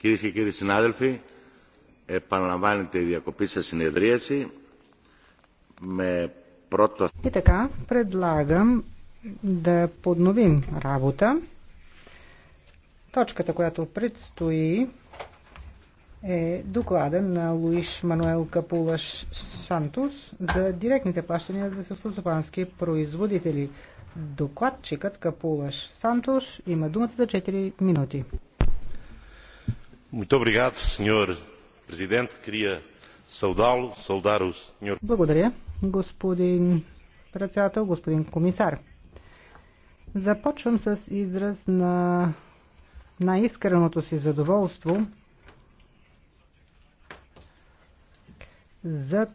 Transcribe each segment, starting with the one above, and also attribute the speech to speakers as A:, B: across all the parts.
A: Κυρίε και κύριοι συνάδελφοι, επαναλαμβάνεται η διακοπή σε συνεδρίαση με πρώτο...
B: И така, предлагам да подновим работа. Точката, която предстои е доклада на Луиш Мануел Капулаш Сантус за директните плащания за селскостопански производители. Докладчикът Капулаш Сантуш има думата за 4 минути. Благодаря, господин председател, господин комисар. Започвам с израз на най-искреното си задоволство за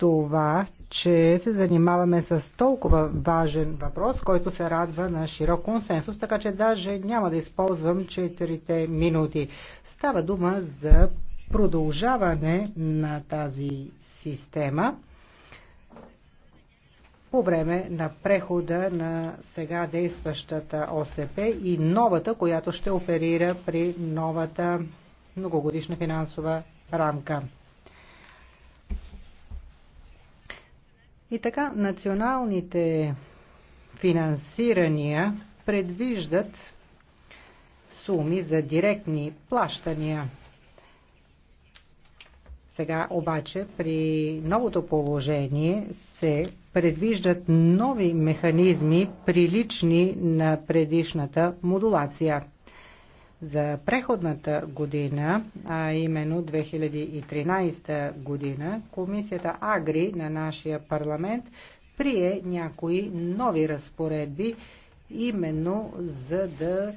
B: това, че се занимаваме с толкова важен въпрос, който се радва на широк консенсус, така че даже няма да използвам 4 минути. Става дума за продължаване на тази система по време на прехода на сега действащата ОСП и новата, която ще оперира при новата многогодишна финансова рамка. И така националните финансирания предвиждат суми за директни плащания. Сега обаче при новото положение се предвиждат нови механизми, прилични на предишната модулация за преходната година, а именно 2013 година, комисията Агри на нашия парламент прие някои нови разпоредби, именно за да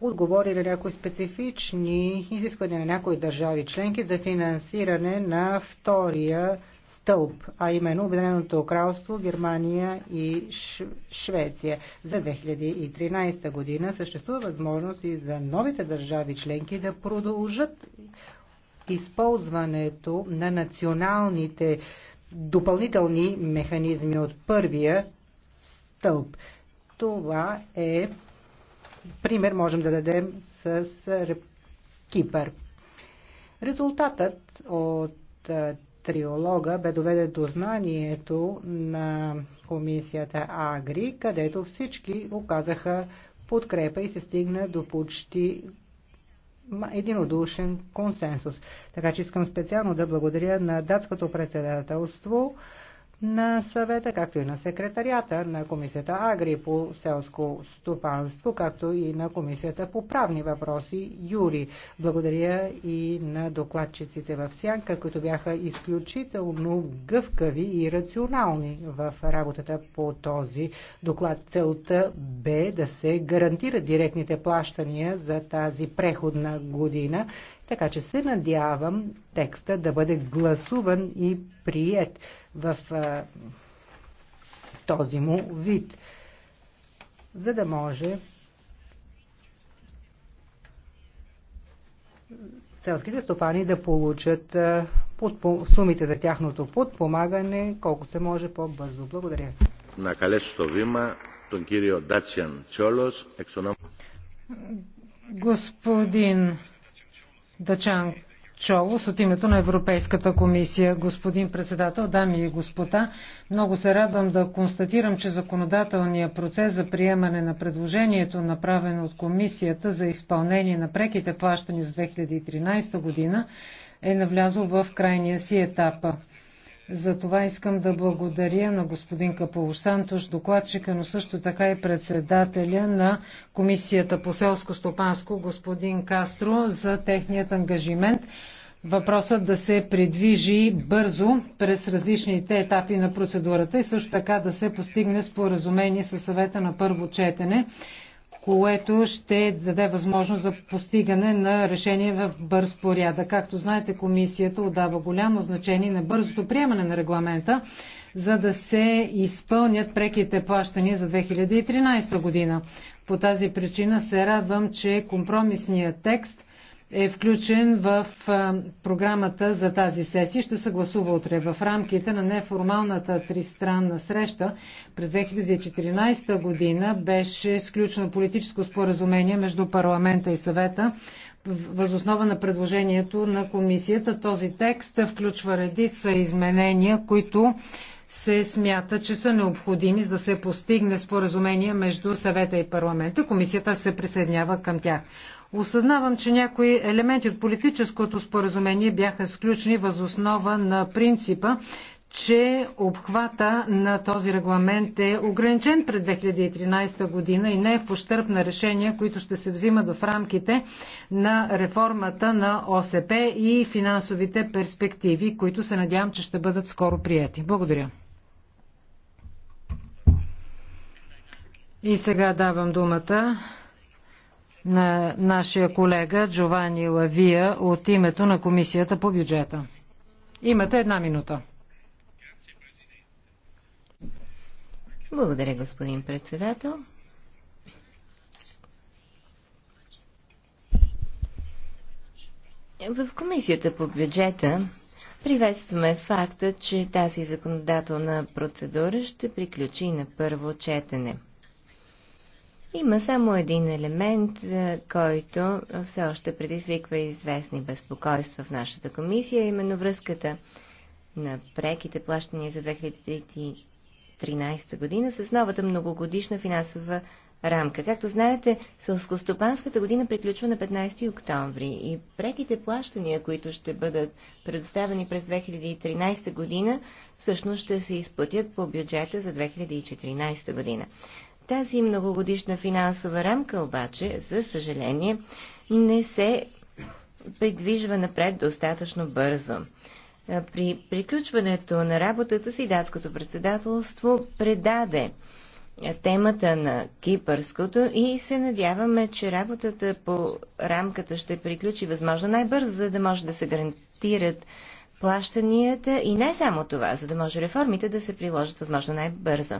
B: отговори на някои специфични изисквания на някои държави членки за финансиране на втория стълб, а именно Обединеното кралство, Германия и Швеция. За 2013 година съществува възможност и за новите държави членки да продължат използването на националните допълнителни механизми от първия стълб. Това е пример можем да дадем с Кипър. Резултатът от триолога бе доведе до знанието на комисията Агри, където всички оказаха подкрепа и се стигна до почти единодушен консенсус. Така че искам специално да благодаря на датското председателство, на съвета, както и на секретарията на комисията Агри по селско стопанство, както и на комисията по правни въпроси Юри. Благодаря и на докладчиците в Сянка, които бяха изключително гъвкави и рационални в работата по този доклад. Целта бе да се гарантират директните плащания за тази преходна година така че се надявам текста да бъде гласуван и прият в а, този му вид, за да може селските стопани да получат сумите за тяхното подпомагане колко се може по-бързо.
C: Благодаря.
A: На калесто вима, кирио Дациан Чолос, Τσόλος,
C: Господин Дачан Чолос от името на Европейската комисия. Господин председател, дами и господа, много се радвам да констатирам, че законодателният процес за приемане на предложението, направено от комисията за изпълнение на преките плащания за 2013 година, е навлязъл в крайния си етап. За това искам да благодаря на господин Капол Сантош, докладчика, но също така и председателя на Комисията по селско стопанско, господин Кастро, за техният ангажимент въпросът да се придвижи бързо през различните етапи на процедурата и също така да се постигне споразумение със съвета на първо четене което ще даде възможност за постигане на решение в бърз порядък. Както знаете, комисията отдава голямо значение на бързото приемане на регламента, за да се изпълнят преките плащания за 2013 година. По тази причина се радвам, че компромисният текст – е включен в програмата за тази сесия. Ще се гласува утре в рамките на неформалната тристранна среща. През 2014 година беше сключено политическо споразумение между парламента и съвета възоснова на предложението на комисията. Този текст включва редица изменения, които се смята, че са необходими за да се постигне споразумение между съвета и парламента. Комисията се присъединява към тях. Осъзнавам, че някои елементи от политическото споразумение бяха сключени възоснова на принципа, че обхвата на този регламент е ограничен пред 2013 година и не е в ущърп на решения, които ще се взимат в рамките на реформата на ОСП и финансовите перспективи, които се надявам, че ще бъдат скоро прияти. Благодаря. И сега давам думата на нашия колега Джовани Лавия от името на Комисията по бюджета. Имате една минута.
D: Благодаря, господин председател. В Комисията по бюджета приветстваме факта, че тази законодателна процедура ще приключи на първо четене. Има само един елемент, който все още предизвиква известни безпокойства в нашата комисия, именно връзката на преките плащания за 2013 година с новата многогодишна финансова рамка. Както знаете, сълскостопанската година приключва на 15 октомври и преките плащания, които ще бъдат предоставени през 2013 година, всъщност ще се изплатят по бюджета за 2014 година. Тази многогодишна финансова рамка обаче, за съжаление, не се придвижва напред достатъчно бързо. При приключването на работата си датското председателство предаде темата на кипърското и се надяваме, че работата по рамката ще приключи възможно най-бързо, за да може да се гарантират плащанията и не само това, за да може реформите да се приложат възможно най-бързо.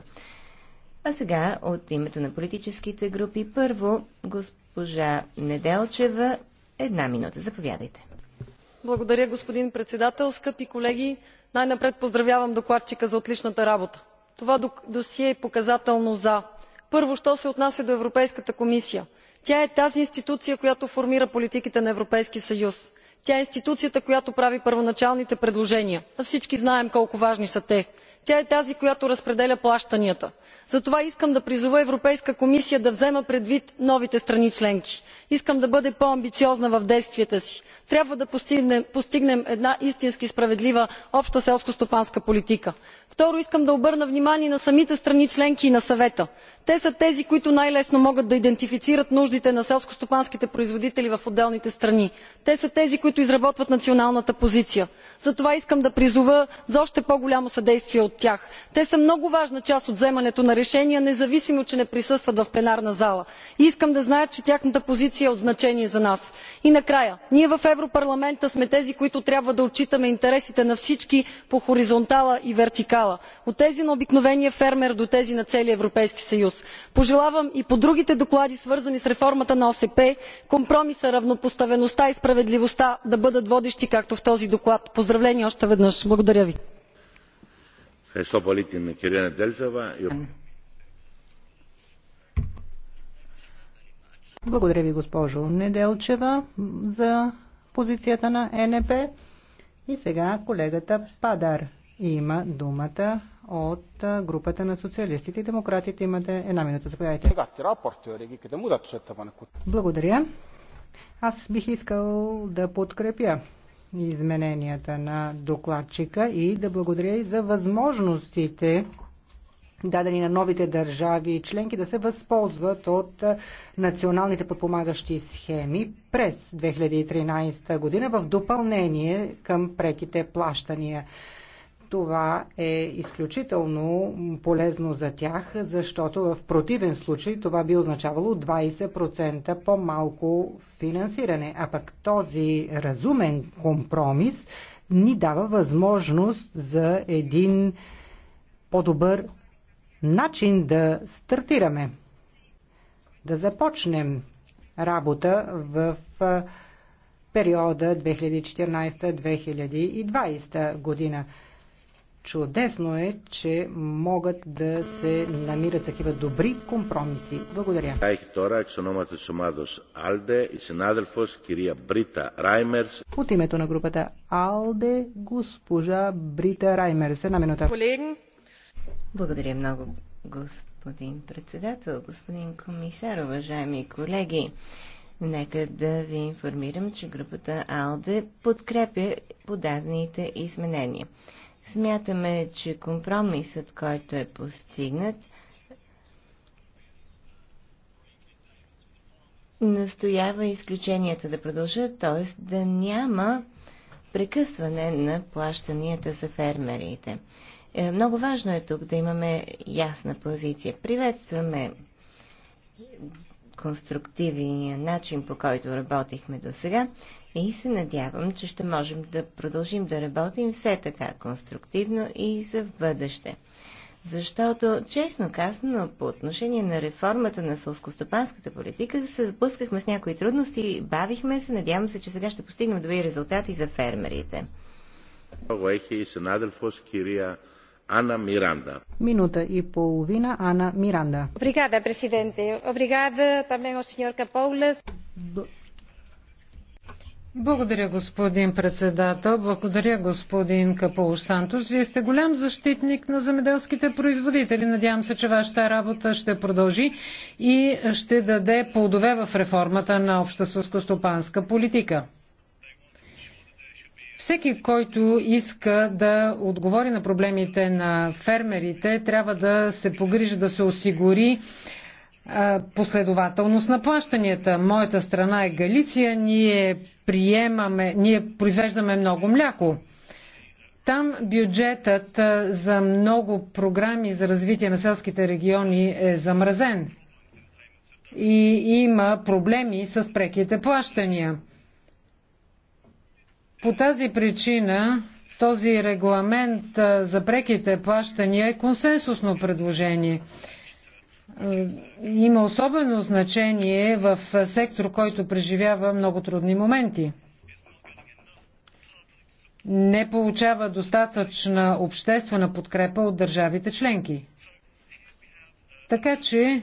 D: А сега от името на политическите групи първо госпожа Неделчева. Една минута. Заповядайте.
E: Благодаря, господин председател. Скъпи колеги, най-напред поздравявам докладчика за отличната работа. Това досие е показателно за първо що се отнася до европейската комисия тя е тази институция която формира политиките на европейския съюз тя е институцията която прави първоначалните предложения а всички знаем колко важни са те тя е тази която разпределя плащанията. затова искам да призова европейската комисия да взема предвид новите страни членки. искам да бъде по амбициозна в действията си. трябва да постигнем една истински справедлива обща селскостопанска политика. второ искам да обърна внимание на самите страни членки и на съвета. те са тези които най лесно могат да идентифицират нуждите на селскостопанските производители в отделните страни. те са тези които изработват националната позиция. затова искам да призова за още по голямо съдействие от тях. Те са много важна част от вземането на решения, независимо че не присъстват в пленарната зала. Искам да знаят, че тяхната позиция е от значение за нас. И накрая, ние в Европарламента сме тези, които трябва да отчитаме интересите на всички по хоризонтала и вертикала – от тези на обикновения фермер до тези на целия Европейски съюз. Пожелавам и по другите доклади, свързани с реформата на ОСП, компромисът, равнопоставеността и справедливостта да бъдат водещи, както в този доклад. Поздравления още веднъж! Благодаря ви.
A: Ευχαριστώ πολύ την κυρία
B: Благодаря ви, госпожо Неделчева, за позицията на НП. И сега колегата Падар има думата от групата на социалистите и демократите. Имате една минута, заповядайте.
A: Е
B: Благодаря. Аз бих искал да подкрепя измененията на докладчика и да благодаря и за възможностите дадени на новите държави и членки да се възползват от националните подпомагащи схеми през 2013 година в допълнение към преките плащания. Това е изключително полезно за тях, защото в противен случай това би означавало 20% по-малко финансиране. А пък този разумен компромис ни дава възможност за един по-добър начин да стартираме, да започнем работа в периода 2014-2020 година. Чудесно е, че могат да се намират такива добри компромиси. Благодаря. От името на групата
D: Алде, госпожа Брита Раймерс. Една минута. Благодаря много, господин председател, господин комисар, уважаеми колеги. Нека да ви информирам, че групата АЛДЕ подкрепя подадените изменения. Смятаме, че компромисът, който е постигнат, настоява изключенията да продължат, т.е. да няма прекъсване на плащанията за фермерите. Е, много важно е тук да имаме ясна позиция. Приветстваме конструктивния начин, по който работихме до сега и се надявам, че ще можем да продължим да работим все така конструктивно и за в бъдеще. Защото, честно казано, по отношение на реформата на сълскостопанската политика се сблъскахме с някои трудности, бавихме се, надявам се, че сега ще постигнем добри резултати за фермерите.
A: Ана Миранда.
D: Минута
C: и половина, Ана Миранда.
B: Обригада, президенте. Обригада, também ao senhor
C: благодаря, господин председател. Благодаря, господин Капулуш Сантос. Вие сте голям защитник на земеделските производители. Надявам се, че вашата работа ще продължи и ще даде плодове в реформата на обща сълскостопанска политика. Всеки, който иска да отговори на проблемите на фермерите, трябва да се погрижи да се осигури последователност на плащанията. Моята страна е Галиция, ние приемаме, ние произвеждаме много мляко. Там бюджетът за много програми за развитие на селските региони е замразен и има проблеми с преките плащания. По тази причина този регламент за преките плащания е консенсусно предложение има особено значение в сектор, който преживява много трудни моменти. Не получава достатъчна обществена подкрепа от държавите членки. Така че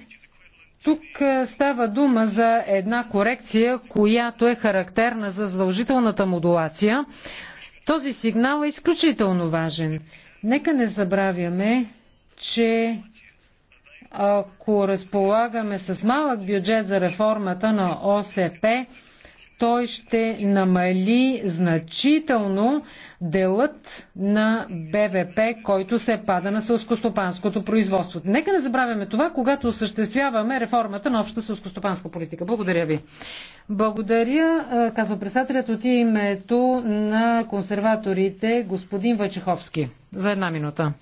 C: тук става дума за една корекция, която е характерна за задължителната модулация. Този сигнал е изключително важен. Нека не забравяме, че ако разполагаме с малък бюджет за реформата на ОСП, той ще намали значително делът на БВП, който се пада на сълскостопанското производство. Нека не забравяме това, когато осъществяваме реформата на обща сълскостопанска политика. Благодаря ви. Благодаря, казва председателят от името на консерваторите господин Вачеховски. За една минута.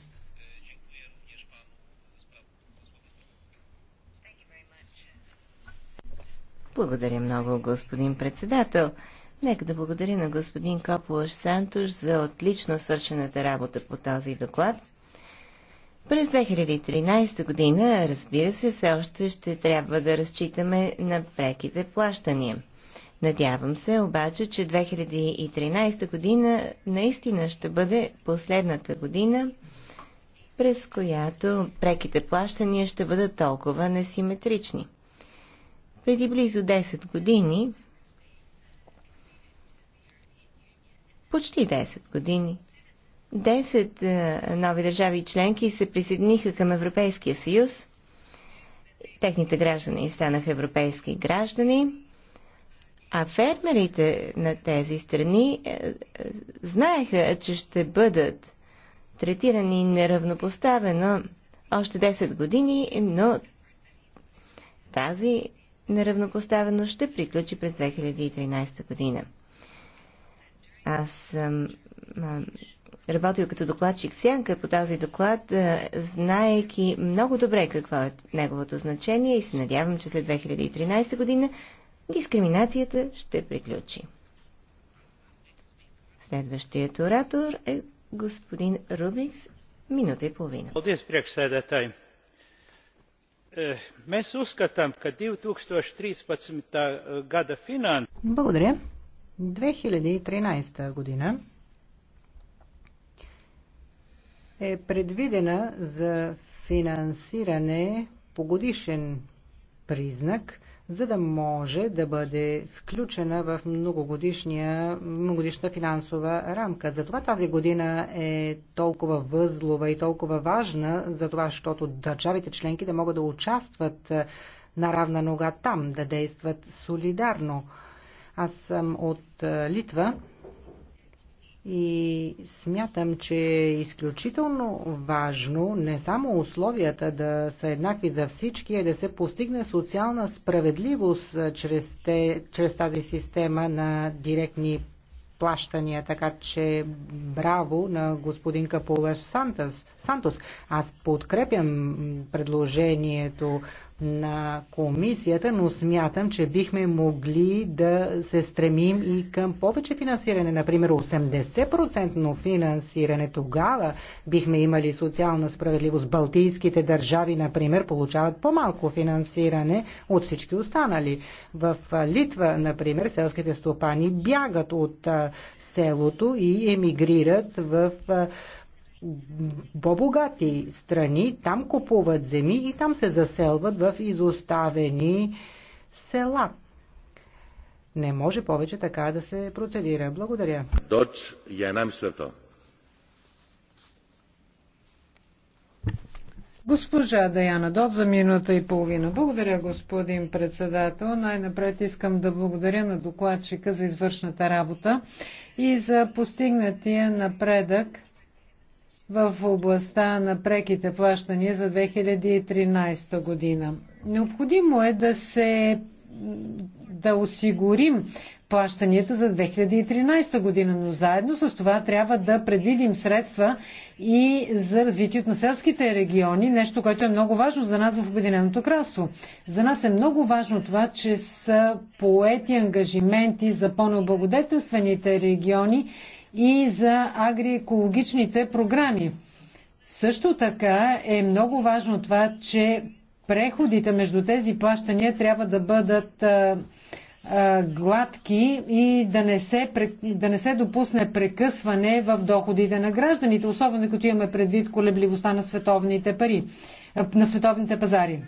D: Благодаря много, господин председател. Нека да благодаря на господин Кополаш Сантуш за отлично свършената работа по този доклад. През 2013 година, разбира се, все още ще трябва да разчитаме на преките плащания. Надявам се обаче, че 2013 година наистина ще бъде последната година, през която преките плащания ще бъдат толкова несиметрични. Преди близо 10 години, почти 10 години, 10 е, нови държави членки се присъединиха към Европейския съюз. Техните граждани станаха европейски граждани. А фермерите на тези страни е, е, знаеха, че ще бъдат третирани неравнопоставено още 10 години, но тази неравнопоставеност ще приключи през 2013 година. Аз съм работил като докладчик Сянка по този доклад, знаеки много добре какво е неговото значение и се надявам, че след 2013 година дискриминацията ще приключи. Следващият оратор е господин Рубикс, минута и половина.
A: Mēs uzskatām, ka 2013. gada
B: Благодаря. 2013 година е предвидена за финансиране по годишен признак за да може да бъде включена в многогодишна финансова рамка. Затова тази година е толкова възлова и толкова важна, за това, защото държавите членки да могат да участват е, на равна нога там, да действат солидарно. Аз съм от е, Литва и смятам, че е изключително важно не само условията да са еднакви за всички, а е да се постигне социална справедливост чрез, те, чрез тази система на директни плащания, така че браво на господин Капулаш Сантос. Аз подкрепям предложението на комисията, но смятам, че бихме могли да се стремим и към повече финансиране, например 80% финансиране. Тогава бихме имали социална справедливост. Балтийските държави, например, получават по-малко финансиране от всички останали. В Литва, например, селските стопани бягат от селото и емигрират в по-богати страни, там купуват земи и там се заселват в изоставени села. Не може повече така да се процедира. Благодаря.
A: Доч, я нам свето.
C: Госпожа Даяна Дот за минута и половина. Благодаря, господин председател. Най-напред искам да благодаря на докладчика за извършната работа и за постигнатия напредък в областта на преките плащания за 2013 година. Необходимо е да се да осигурим плащанията за 2013 година, но заедно с това трябва да предвидим средства и за развитието на селските региони, нещо, което е много важно за нас в Обединеното кралство. За нас е много важно това, че са поети ангажименти за по-необлагодетелствените региони и за агриекологичните програми. Също така е много важно това, че преходите между тези плащания трябва да бъдат гладки и да не, се, да не се допусне прекъсване в доходите на гражданите, особено като имаме предвид колебливостта на световните пари, на световните пазари.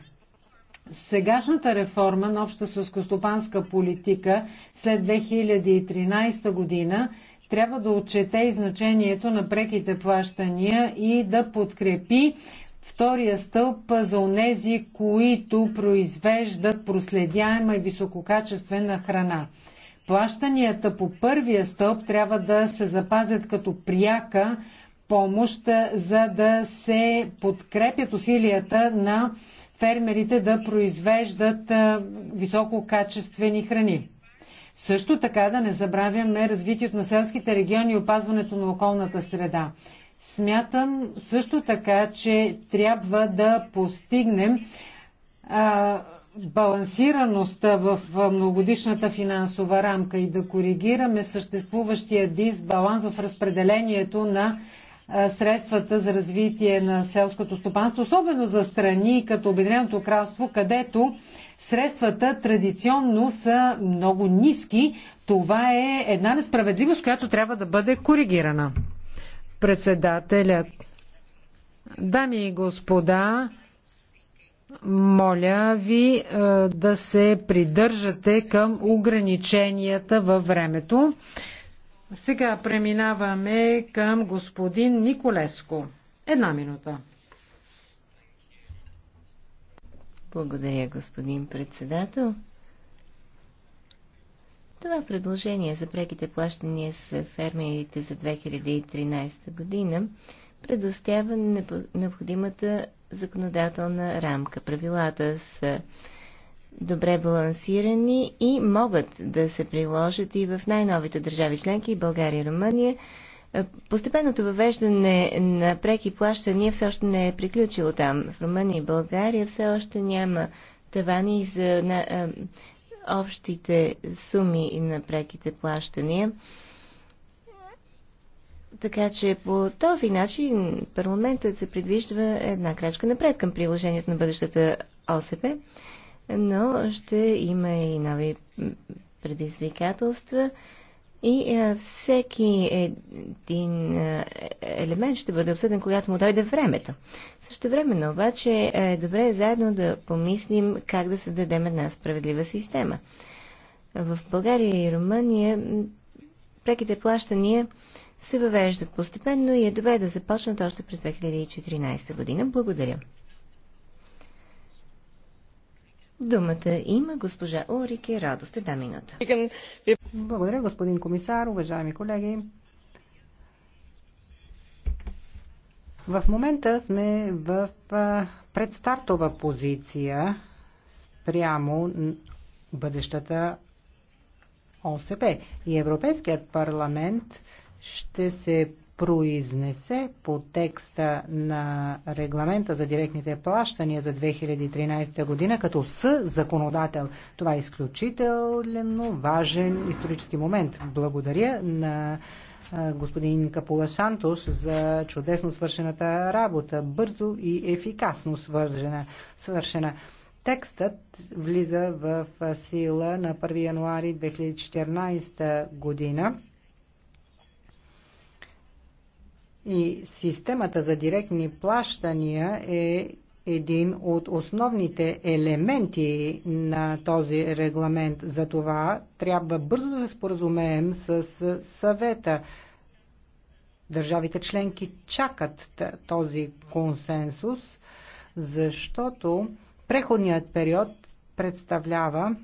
C: Сегашната реформа на обща сълскостопанска политика след 2013 година трябва да отчете и значението на преките плащания и да подкрепи втория стълб за онези, които произвеждат проследяема и висококачествена храна. Плащанията по първия стълб трябва да се запазят като пряка помощ, за да се подкрепят усилията на фермерите да произвеждат висококачествени храни. Също така да не забравяме развитието на селските региони и опазването на околната среда. Смятам също така, че трябва да постигнем а, балансираността в многодишната финансова рамка и да коригираме съществуващия дисбаланс в разпределението на средствата за развитие на селското стопанство, особено за страни като Обединеното кралство, където средствата традиционно са много ниски. Това е една несправедливост, която трябва да бъде коригирана. Председателят. Дами и господа, моля ви да се придържате към ограниченията във времето. Сега преминаваме към господин Николеско. Една минута.
D: Благодаря, господин председател. Това предложение за преките плащания с фермерите за 2013 година предоставя необходимата законодателна рамка. Правилата са добре балансирани и могат да се приложат и в най-новите държави членки България и Румъния. Е, постепенното въвеждане на преки плащания все още не е приключило там. В Румъния и България все още няма тавани за на, а, е, общите суми на преките плащания. Така че по този начин парламентът се предвижда една крачка напред към приложението на бъдещата ОСП но ще има и нови предизвикателства и а, всеки един а, елемент ще бъде обсъден, когато му дойде времето. Също времено обаче е добре заедно да помислим как да създадем една справедлива система. В България и Румъния преките плащания се въвеждат постепенно и е добре да започнат още през 2014 година. Благодаря. Думата има госпожа Орике Радост. да минута. Благодаря, господин комисар, уважаеми колеги.
B: В момента сме в предстартова позиция спрямо бъдещата ОСП. И Европейският парламент ще се произнесе по текста на регламента за директните плащания за 2013 година като съ-законодател. Това е изключително важен исторически момент. Благодаря на господин Капула Шантош за чудесно свършената работа, бързо и ефикасно свържена, свършена. Текстът влиза в сила на 1 януари 2014 година И системата за директни плащания е един от основните елементи на този регламент. За това трябва бързо да се споразумеем с съвета. Държавите членки чакат този консенсус, защото преходният период представлява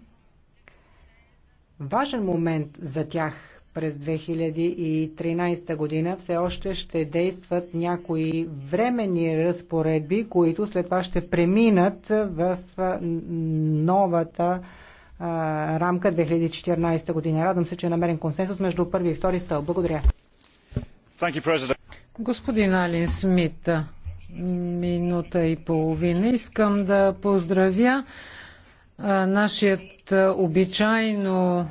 B: важен момент за тях през 2013 година все още ще действат някои временни разпоредби, които след това ще преминат в новата а, рамка 2014 година. Радвам се, че е намерен консенсус между първи и втори стъл. Благодаря.
D: You,
C: Господин Алин Смит, минута и половина. Искам да поздравя а, нашият обичайно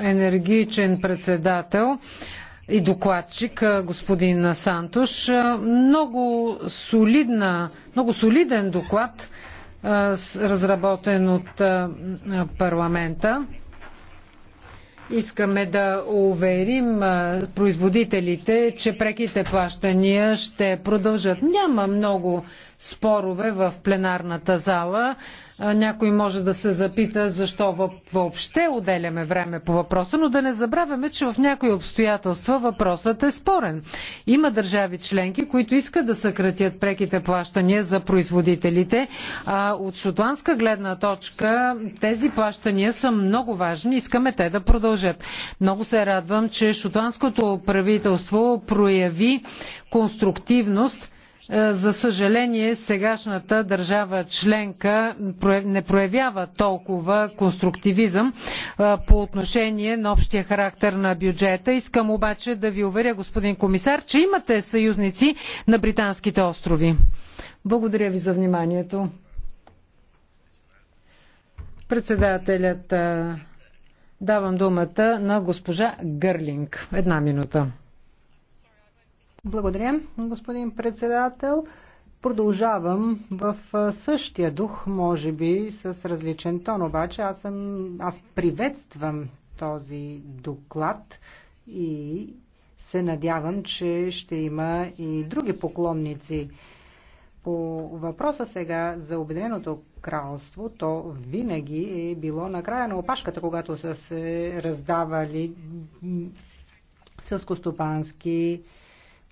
C: енергичен председател и докладчик господин Сантош. Много, солидна, много солиден доклад, разработен от парламента. Искаме да уверим производителите, че преките плащания ще продължат. Няма много спорове в пленарната зала. Някой може да се запита защо въобще отделяме време по въпроса, но да не забравяме, че в някои обстоятелства въпросът е спорен. Има държави членки, които искат да съкратят преките плащания за производителите, а от шотландска гледна точка тези плащания са много важни. Искаме те да продължат. Много се радвам, че шотландското правителство прояви конструктивност е, за съжаление, сегашната държава членка не проявява толкова конструктивизъм е, по отношение на общия характер на бюджета. Искам обаче да ви уверя, господин комисар, че имате съюзници на британските острови. Благодаря ви за вниманието. Председателят е, давам думата на госпожа Гърлинг. Една минута.
B: Благодаря, господин председател. Продължавам в същия дух, може би с различен тон, обаче аз, съм, аз приветствам този доклад и се надявам, че ще има и други поклонници. По въпроса сега за Обединеното кралство, то винаги е било на края на опашката, когато са се раздавали сълскостопански стопански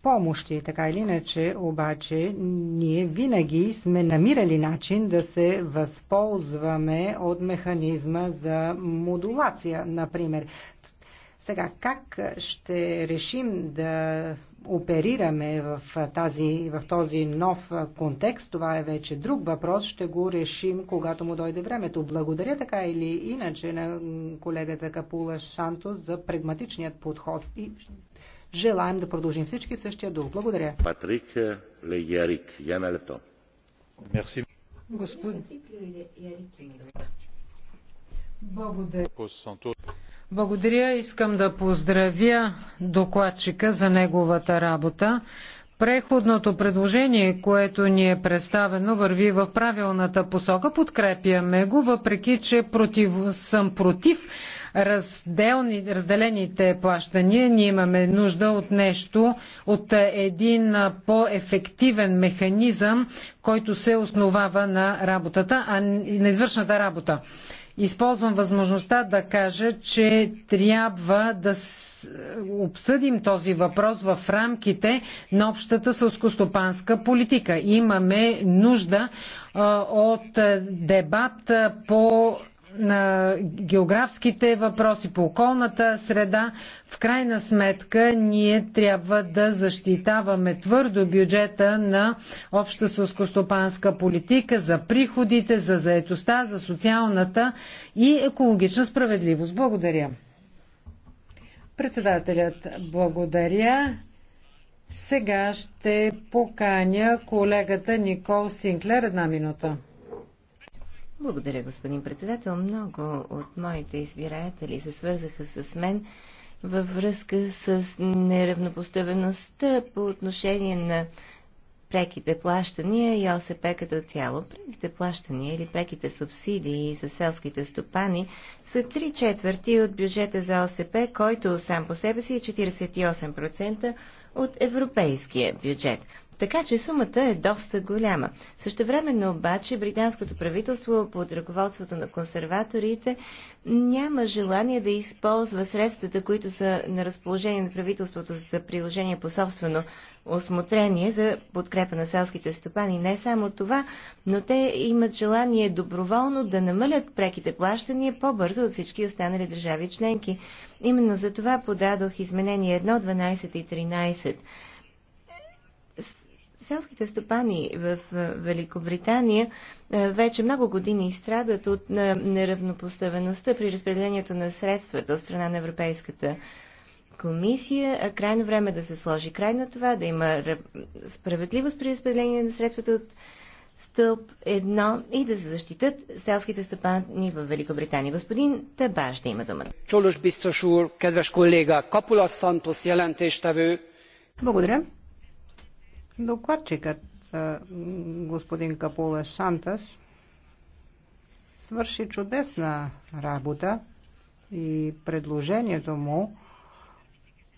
B: помощи. Така или иначе, обаче, ние винаги сме намирали начин да се възползваме от механизма за модулация, например. Сега, как ще решим да оперираме в, тази, в този нов контекст, това е вече друг въпрос, ще го решим, когато му дойде времето. Благодаря така или иначе на колегата Капула Шантос за прагматичният подход и Желаем да продължим всички същия дух. Благодаря.
A: Патрик Леярик, Яна Лето. Мерси.
C: Господин... Благодаря. Искам да поздравя докладчика за неговата работа. Преходното предложение, което ни е представено, върви в правилната посока. Подкрепяме го, въпреки че против, съм против разделни, разделените плащания, ние имаме нужда от нещо, от един по-ефективен механизъм, който се основава на работата, а на извършната работа. Използвам възможността да кажа, че трябва да обсъдим този въпрос в рамките на общата сълскостопанска политика. Имаме нужда от дебат по на географските въпроси, по околната среда. В крайна сметка ние трябва да защитаваме твърдо бюджета на обща сълскостопанска политика за приходите, за заетостта, за социалната и екологична справедливост. Благодаря. Председателят, благодаря. Сега ще поканя колегата Никол Синклер една минута.
D: Благодаря, господин председател. Много от моите избиратели се свързаха с мен във връзка с неравнопоставеността по отношение на преките плащания и ОСП като цяло. Преките плащания или преките субсидии за селските стопани са 3 четвърти от бюджета за ОСП, който сам по себе си е 48% от европейския бюджет. Така че сумата е доста голяма. Същевременно обаче британското правителство под ръководството на консерваторите няма желание да използва средствата, които са на разположение на правителството за приложение по собствено осмотрение за подкрепа на селските стопани. Не само това, но те имат желание доброволно да намалят преките плащания по-бързо от всички останали държави членки. Именно за това подадох изменения 1, 12 и 13 Селските стопани в е, Великобритания е, вече много години страдат от е, неравнопоставеността при разпределението на средствата от страна на Европейската комисия. Крайно време да се сложи край на това, да има справедливост при разпределение на средствата от стълб едно и да се защитат селските стопани в Великобритания. Господин Табаш да има думата.
C: Чолош бистошур, кедваш колега, Капула Сантос, Благодаря.
B: Докладчикът господин Капула Шантас свърши чудесна работа и предложението му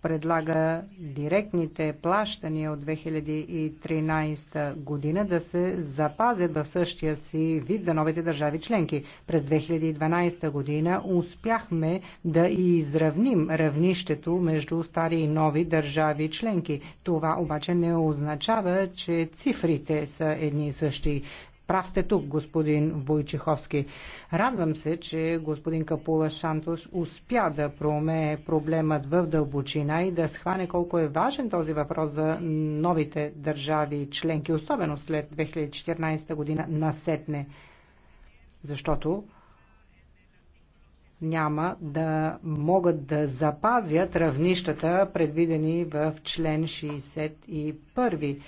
B: предлага директните плащания от 2013 година да се запазят в същия си вид за новите държави членки. През 2012 година успяхме да изравним равнището между стари и нови държави членки. Това обаче не означава, че цифрите са едни и същи. Прав сте тук, господин Войчеховски. Радвам се, че господин Капула Шантош успя да промее проблемът в дълбочина и да схване колко е важен този въпрос за новите държави членки, особено след 2014 година насетне. Защото няма да могат да запазят равнищата, предвидени в член 61.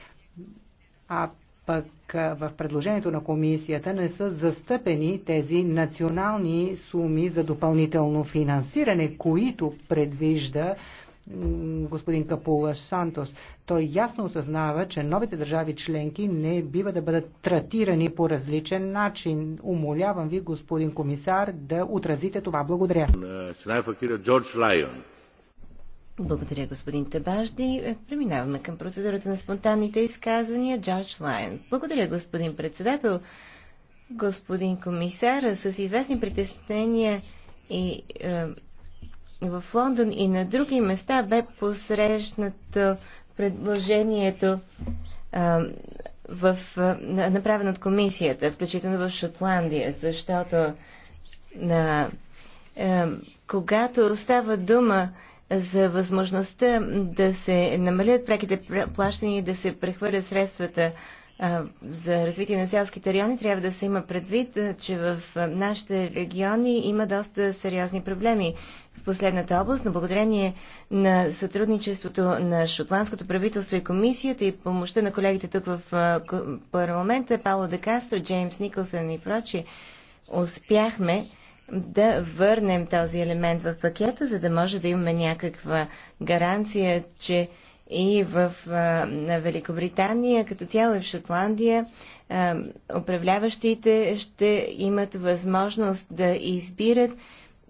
B: А пък в предложението на комисията не са застъпени тези национални суми за допълнително финансиране, които предвижда господин Капула Сантос. Той ясно осъзнава, че новите държави членки не бива да бъдат тратирани по различен начин. Умолявам ви, господин комисар, да отразите това. Благодаря.
D: Благодаря, господин Табажди. Е, преминаваме към процедурата на спонтанните изказвания. Джордж Лайн. Благодаря, господин председател. Господин комисар, с известни притеснения и е, в Лондон и на други места бе посрещнато предложението е, в, е, направено от комисията, включително в Шотландия, защото на, е, когато става дума е, за възможността да се намалят преките плащания и да се прехвърлят средствата за развитие на селските райони, трябва да се има предвид, че в нашите региони има доста сериозни проблеми в последната област, но благодарение на сътрудничеството на шотландското правителство и комисията и помощта на колегите тук в парламента, Пало де Кастро, Джеймс Никълсън и прочие, успяхме да върнем този елемент в пакета, за да може да имаме някаква гаранция, че и в а, Великобритания, като цяло и в Шотландия, а, управляващите ще имат възможност да избират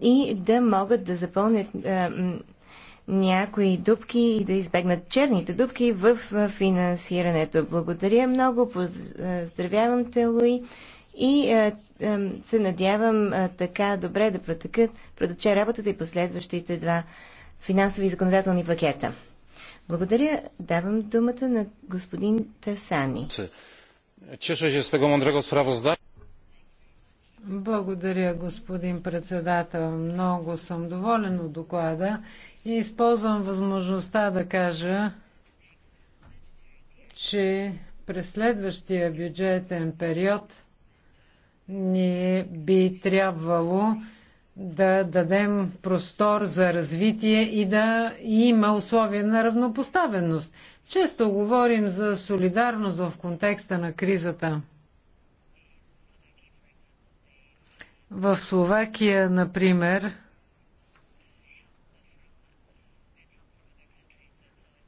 D: и да могат да запълнят а, някои дупки и да избегнат черните дупки в финансирането. Благодаря много, поздравявам те, Луи и а, е, а, е, се надявам а, е, така добре да протекат, протече работата и последващите два финансови и законодателни пакета. Благодаря. Давам думата на господин Тасани.
A: Cieszę się z tego mądrego
C: Благодаря, господин председател. Много съм доволен от доклада и използвам възможността да кажа, че през следващия бюджетен период ние би трябвало да дадем простор за развитие и да има условия на равнопоставеност. Често говорим за солидарност в контекста на кризата. В Словакия, например,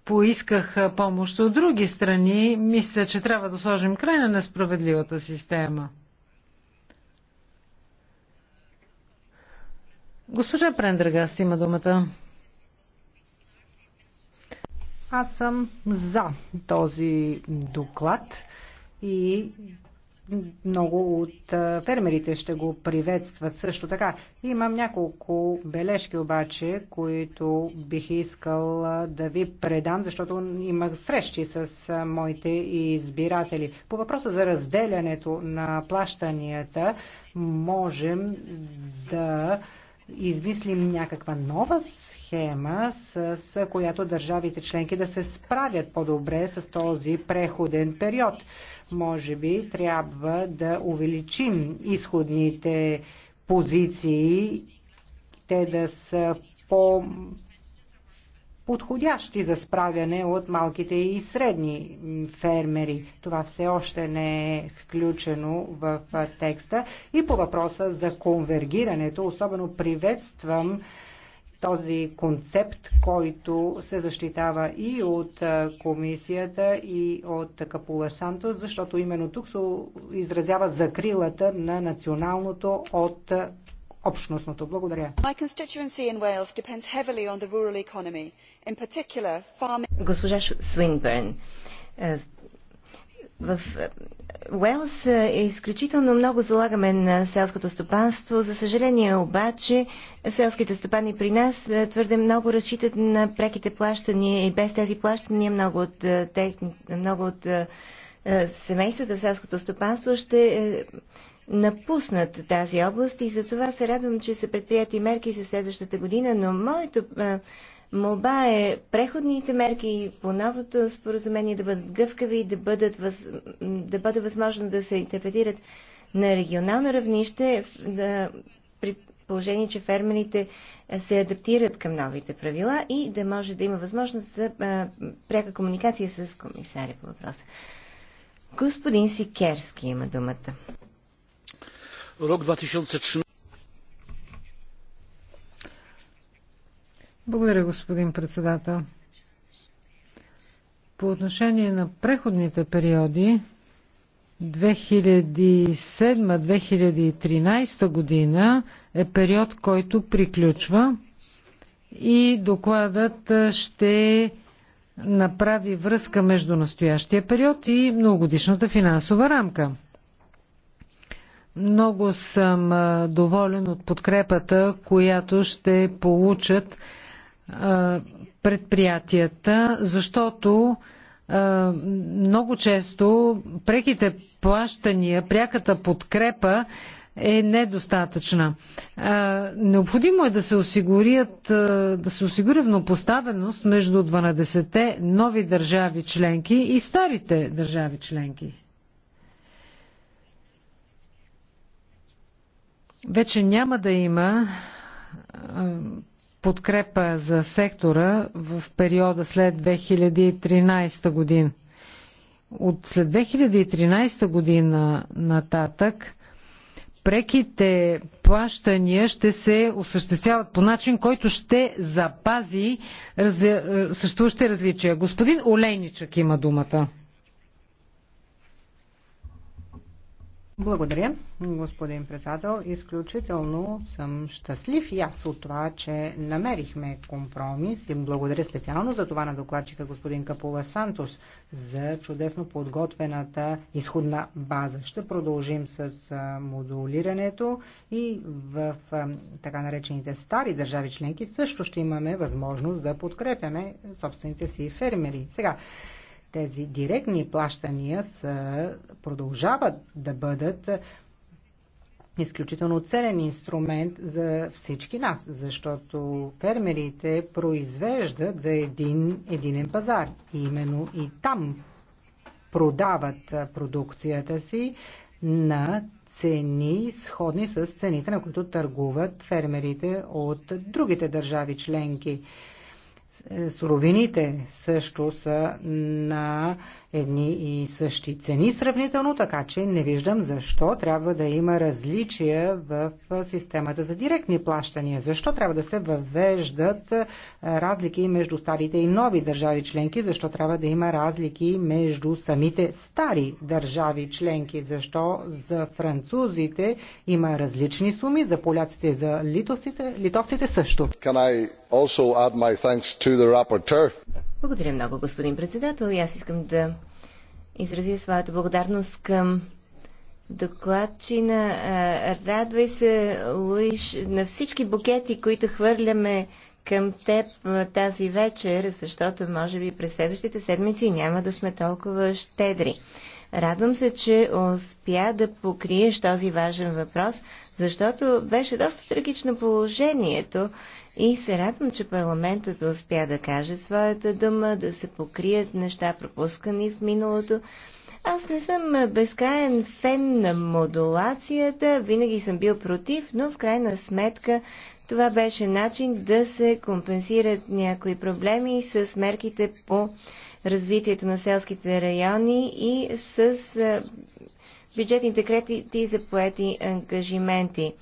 C: поискаха помощ от други страни. Мисля, че трябва да сложим край на несправедливата система. Госпожа Прендергаст има думата.
B: Аз съм за този доклад и много от фермерите ще го приветстват също така. Имам няколко бележки обаче, които бих искал да ви предам, защото имах срещи с моите избиратели. По въпроса за разделянето на плащанията можем да измислим някаква нова схема, с, с която държавите членки да се справят по-добре с този преходен период. Може би трябва да увеличим изходните позиции, те да са по подходящи за справяне от малките и средни фермери. Това все още не е включено в текста. И по въпроса за конвергирането, особено приветствам този концепт, който се защитава и от комисията, и от Капула Санто, защото именно тук се изразява закрилата на националното от общностното. Благодаря.
D: Госпожа Свинбърн, е, в е, Уелс е, изключително много залагаме на селското стопанство. За съжаление обаче, селските стопани при нас твърде много разчитат на преките плащания и без тези плащания много от, много от семействата в селското стопанство ще напуснат тази област и за това се радвам, че са предприяти мерки за следващата година, но моето молба е преходните мерки по новото споразумение да бъдат гъвкави и да, бъдат въз... да бъде възможно да се интерпретират на регионално равнище, да... при положение, че фермерите се адаптират към новите правила и да може да има възможност за пряка комуникация с комисаря по въпроса. Господин Сикерски има думата. Рок 2013.
C: Благодаря, господин председател. По отношение на преходните периоди 2007-2013 година е период, който приключва и докладът ще направи връзка между настоящия период и многогодишната финансова рамка. Много съм доволен от подкрепата, която ще получат предприятията, защото много често преките плащания, пряката подкрепа е недостатъчна. Необходимо е да се, осигурят, да се осигури равнопоставеност между 12-те нови държави членки и старите държави членки. Вече няма да има подкрепа за сектора в периода след 2013 година. От след 2013 година нататък преките плащания ще се осъществяват по начин, който ще запази разли... съществуващите различия. Господин Олейничък има думата.
B: Благодаря, господин председател. Изключително съм щастлив и аз от това, че намерихме компромис. И благодаря специално за това на докладчика господин Капула Сантос за чудесно подготвената изходна база. Ще продължим с модулирането и в така наречените стари държави членки също ще имаме възможност да подкрепяме собствените си фермери. Сега, тези директни плащания са, продължават да бъдат изключително ценен инструмент за всички нас, защото фермерите произвеждат за един единен пазар. И именно и там продават продукцията си на цени сходни с цените, на които търгуват фермерите от другите държави членки. Суровините също са на едни и същи цени сравнително, така че не виждам защо трябва да има различия в системата за директни плащания. Защо трябва да се въвеждат разлики между старите и нови държави членки? Защо трябва да има разлики между самите стари държави членки? Защо за французите има различни суми, за поляците и за литовците, литовците също?
D: Can I also add my thanks to the rapporteur? Благодаря много, господин председател. И аз искам да изразя своята благодарност към докладчина. Радвай се, Луиш, на всички букети, които хвърляме към теб тази вечер, защото може би през следващите седмици няма да сме толкова щедри. Радвам се, че успя да покриеш този важен въпрос, защото беше доста трагично положението и се радвам, че парламентът успя да каже своята дума, да се покрият неща пропускани в миналото. Аз не съм безкрайен фен на модулацията, винаги съм бил против, но в крайна сметка това беше начин да се компенсират някои проблеми с мерките по развитието на селските райони и с бюджетните кредити за поети ангажименти.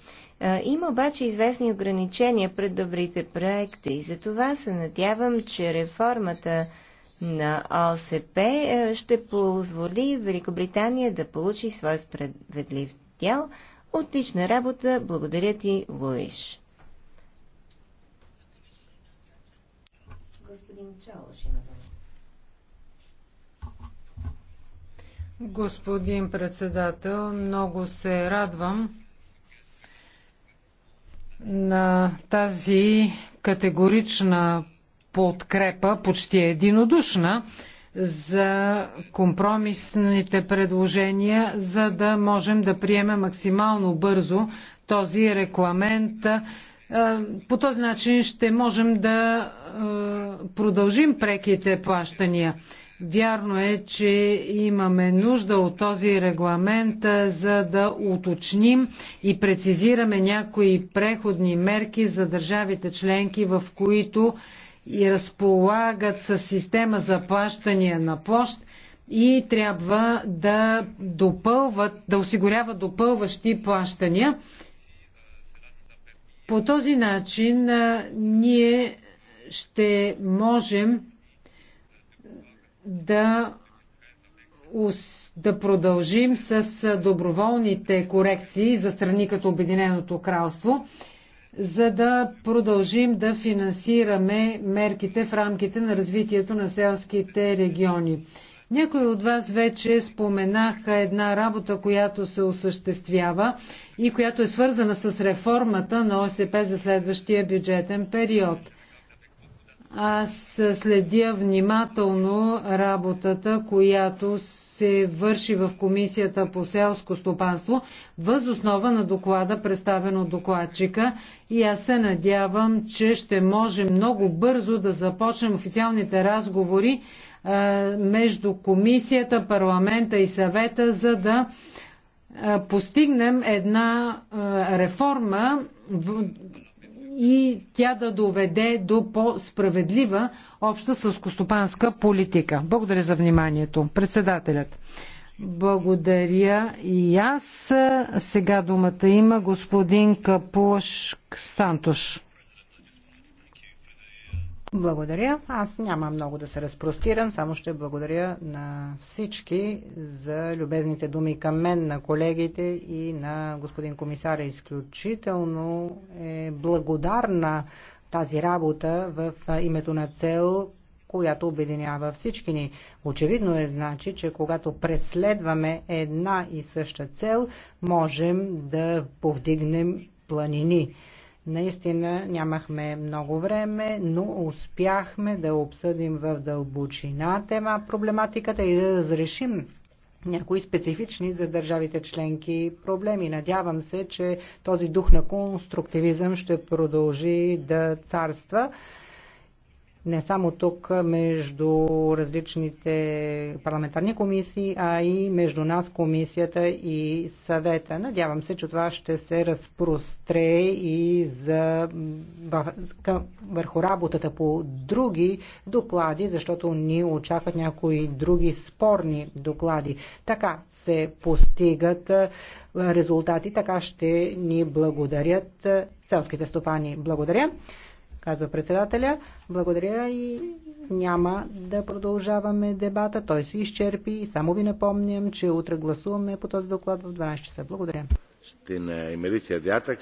D: Има обаче известни ограничения пред добрите проекти и за това се надявам, че реформата на ОСП ще позволи Великобритания да получи свой справедлив дял. Отлична работа! Благодаря ти, Луиш! Господин Чалош има
C: Господин председател, много се радвам, на тази категорична подкрепа, почти единодушна, за компромисните предложения, за да можем да приемем максимално бързо този рекламент. По този начин ще можем да продължим преките плащания. Вярно е, че имаме нужда от този регламент, за да уточним и прецизираме някои преходни мерки за държавите членки, в които и разполагат с система за плащания на площ и трябва да допълват, да осигуряват допълващи плащания. По този начин ние ще можем да, да продължим с доброволните корекции за страни като Обединеното кралство, за да продължим да финансираме мерките в рамките на развитието на селските региони. Някои от вас вече споменаха една работа, която се осъществява и която е свързана с реформата на ОСП за следващия бюджетен период – аз следя внимателно работата, която се върши в Комисията по селско стопанство, въз основа на доклада, представен от докладчика. И аз се надявам, че ще може много бързо да започнем официалните разговори а, между Комисията, парламента и съвета, за да а, постигнем една а, реформа, в и тя да доведе до по-справедлива обща сълскостопанска политика. Благодаря за вниманието. Председателят. Благодаря и аз. Сега думата има господин Капуш Сантош.
B: Благодаря. Аз няма много да се разпростирам, само ще благодаря на всички за любезните думи към мен, на колегите и на господин комисар, Изключително е благодарна тази работа в името на цел която обединява всички ни. Очевидно е, значи, че когато преследваме една и съща цел, можем да повдигнем планини. Наистина нямахме много време, но успяхме да обсъдим в дълбочина тема проблематиката и да разрешим някои специфични за държавите членки проблеми. Надявам се, че този дух на конструктивизъм ще продължи да царства не само тук между различните парламентарни комисии, а и между нас, комисията и съвета. Надявам се, че това ще се разпростре и за, върху работата по други доклади, защото ни очакват някои други спорни доклади. Така се постигат резултати, така ще ни благодарят селските стопани. Благодаря казва председателя. Благодаря и няма да продължаваме дебата. Той се изчерпи и само ви напомням, че утре гласуваме по този доклад в 12 часа. Благодаря.
A: Στην е, ημερήσια διάταξη